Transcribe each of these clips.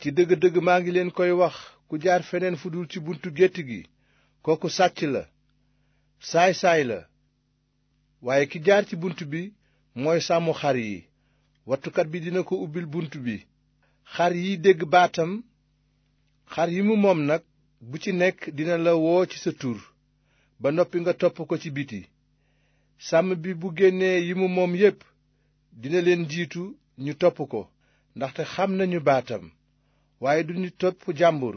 ci dëgg dëgg maa ngi leen koy wax ku jaar feneen fu dul ci buntu gétt gi kooku sàcc la saay saay la waaye ki jaar ci bunt bi mooy sàmm xar yi wattukat bi dina ko ubbil bunt bi xar yi dégg baatam xar yi mu moom nag bu ci nekk dina la woo ci sa tur ba noppi nga topp ko ci biti sàmm bi bu génnee yi mu moom yépp dina leen jiitu ñu topp ko ndaxte xam nañu baatam waaye du nu topp jàmbur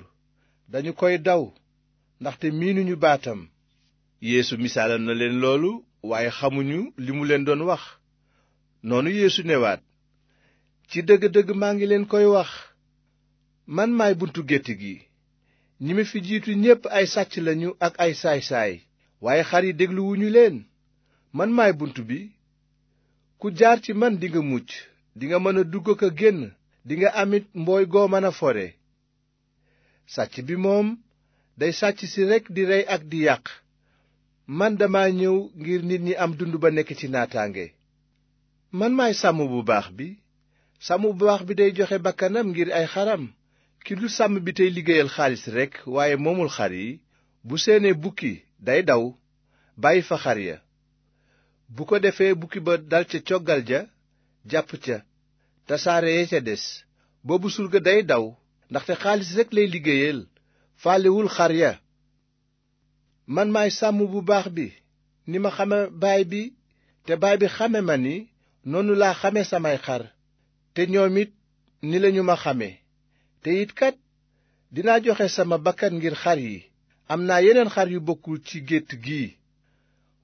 dañu koy daw ndaxte ñu baatam yéesu misaalal na leen loolu waaye xamuñu li mu leen doon wax noonu yéesu newaat ci dëgg-dëgg maa ngi leen koy wax man maay buntu gétt gi ñi ma fi jiitu ñépp ay sàcc lañu ak ay saay-saay waaye xar yi dégluwuñu leen man maay bunt bi ku jaar ci man dinga mucc dinga mën a dugg ak a génn dinga amit mbooy goo mën a fore sàcc bi moom day sàcc si rekk di rey ak di yàq man dama ñëw ngir nit ñi am dund ba nekk ci naataange man maay sàmm bu baax bi sàmm bu baax bi day joxe bàkkanam ngir ay xaram ki lu sàmm bi tey liggéeyal xaalis rekk waaye moomul xar yi bu seenee bukki day daw bàyyi fa xar ya bu ko defee bukki ba dal ca coggal ja jàpp ca tasaare ya ca des boobu surga day daw ndaxte xaalis rekk lay liggéeyal faalewul xar ya man maay sàmm bu baax bi ni ma xame baay bi te baay bi xame ma ni noonu laa xame samay xar te ñoom it ni lañu ma xame te it kat dinaa joxe sama bakkan ngir xar yi am naa yeneen xar yu bokkul ci gétt gi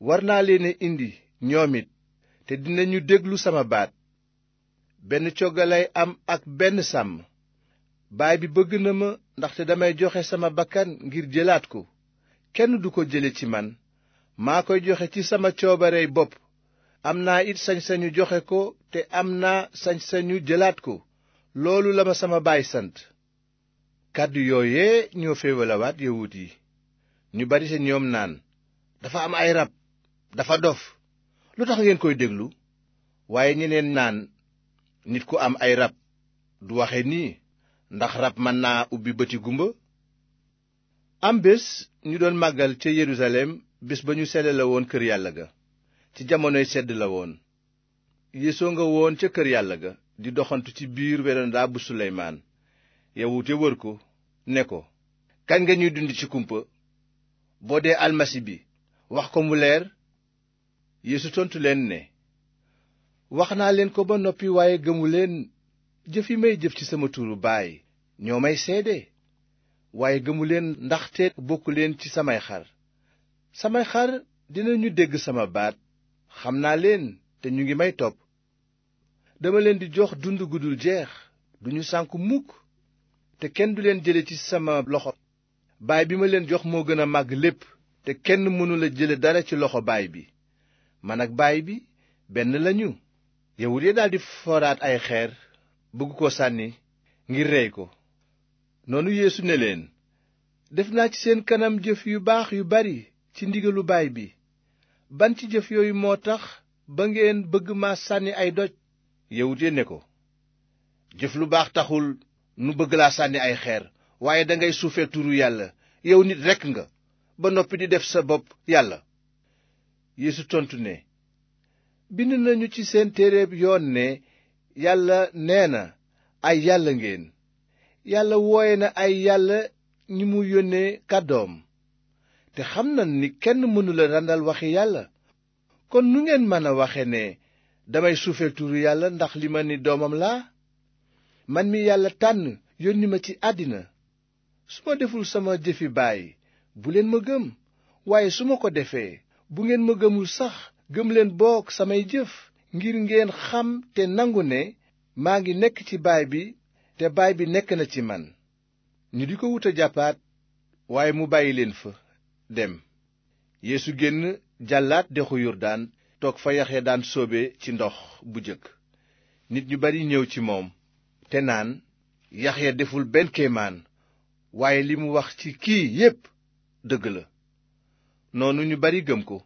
war naa leen a indi ñoom it te dinañu déglu sama baat benn cogga am ak benn sàmm baay bi bëgg na ma ndaxte damay joxe sama bakkan ngir jëlaat ko kenn du ko jële ci man maa koy joxe ci sama coobarey bopp am naa it sañ-sañu joxe ko te am naa sañ-sañu jëlaat ko loolu la ma sama baay sant kàddu yooye ñoo féewalawaat yawut yi ñu bari sa ñoom naan dafa am ay rab dafa dof lu tax ngeen koy déglu waaye ñeneen naan nit ku am ay rab du waxe nii ndax rab mën naa ubbi bëti gumba am bés ñu doon màggal ca yerusalem bés ba ñu sele la woon kër yàlla ga ci jamonoy sedd la woon yéesoo nga woon ca kër yàlla ga di doxantu ci biir werandaa bu suleymaan yawut wër ko ne ko kañ nga ñuy dund ci kumpa boo dee almasi bi wax ko mu leer yéesu tontu leen ne wax naa leen ko ba noppi waaye gëmuleen jëf yi may jëf ci sama turu baay ñoo may seede waaye gëmuleen ndaxte bokk leen ci samay xar samay xar dinañu dégg sama baat xam naa leen te ñu ngi may topp dama leen di jox dund gu jeex duñu sànk mukk te kenn du leen jële ci sama loxo baay bi ma leen jox moo gën a màgg lépp te kenn mënula jële dara ci loxo baay bi man ak baay bi benn lañu yawut ya daldi foraat ay xeer bëgg ko sànni ngir rey ko noonu yeesu ne leen def naa ci seen kanam jëf yu baax yu bari ci ndigalu baay bi ban ci jëf yooyu moo tax ba ngeen bëgg maa sànni ay doj yawut ya ne ko jëf lu baax taxul nu bëgg laa sànni ay xeer waaye dangay suufee turu yàlla yow nit rekk nga ba noppi di def sa bopp yàlla yéesu tontu ne bind nañu ci seen téereb yoon ne yàlla nee na ay yàlla ngeen yàlla wooye na ay yàlla ñi mu yónnee kàddoom te xam na ni kenn mënula randal waxi yàlla kon nu ngeen mën a waxe ne damay suufeel turu yàlla ndax li ma ne doomam laa man mi yàlla tànn yónni ma ci àddina su ma deful sama jëfi baay bu leen ma gëm waaye su ma ko defee bu ngeen ma gëmul sax gëm leen boog samay jëf ngir ngeen xam te nangu ne maa ngi nekk ci baay bi te baay bi nekk na ci man ñu di ko wuta a jàppaat waaye mu bàyyi leen fa dem yéesu génn jàllaat dexu yurdaan toog fa yaxe daan soobe ci ndox bu jëkk nit ñu bari ñëw ci moom te naan yaxya deful benn kéemaan waaye li mu wax ci kii yépp dëgg la noonu ñu bari gëm ko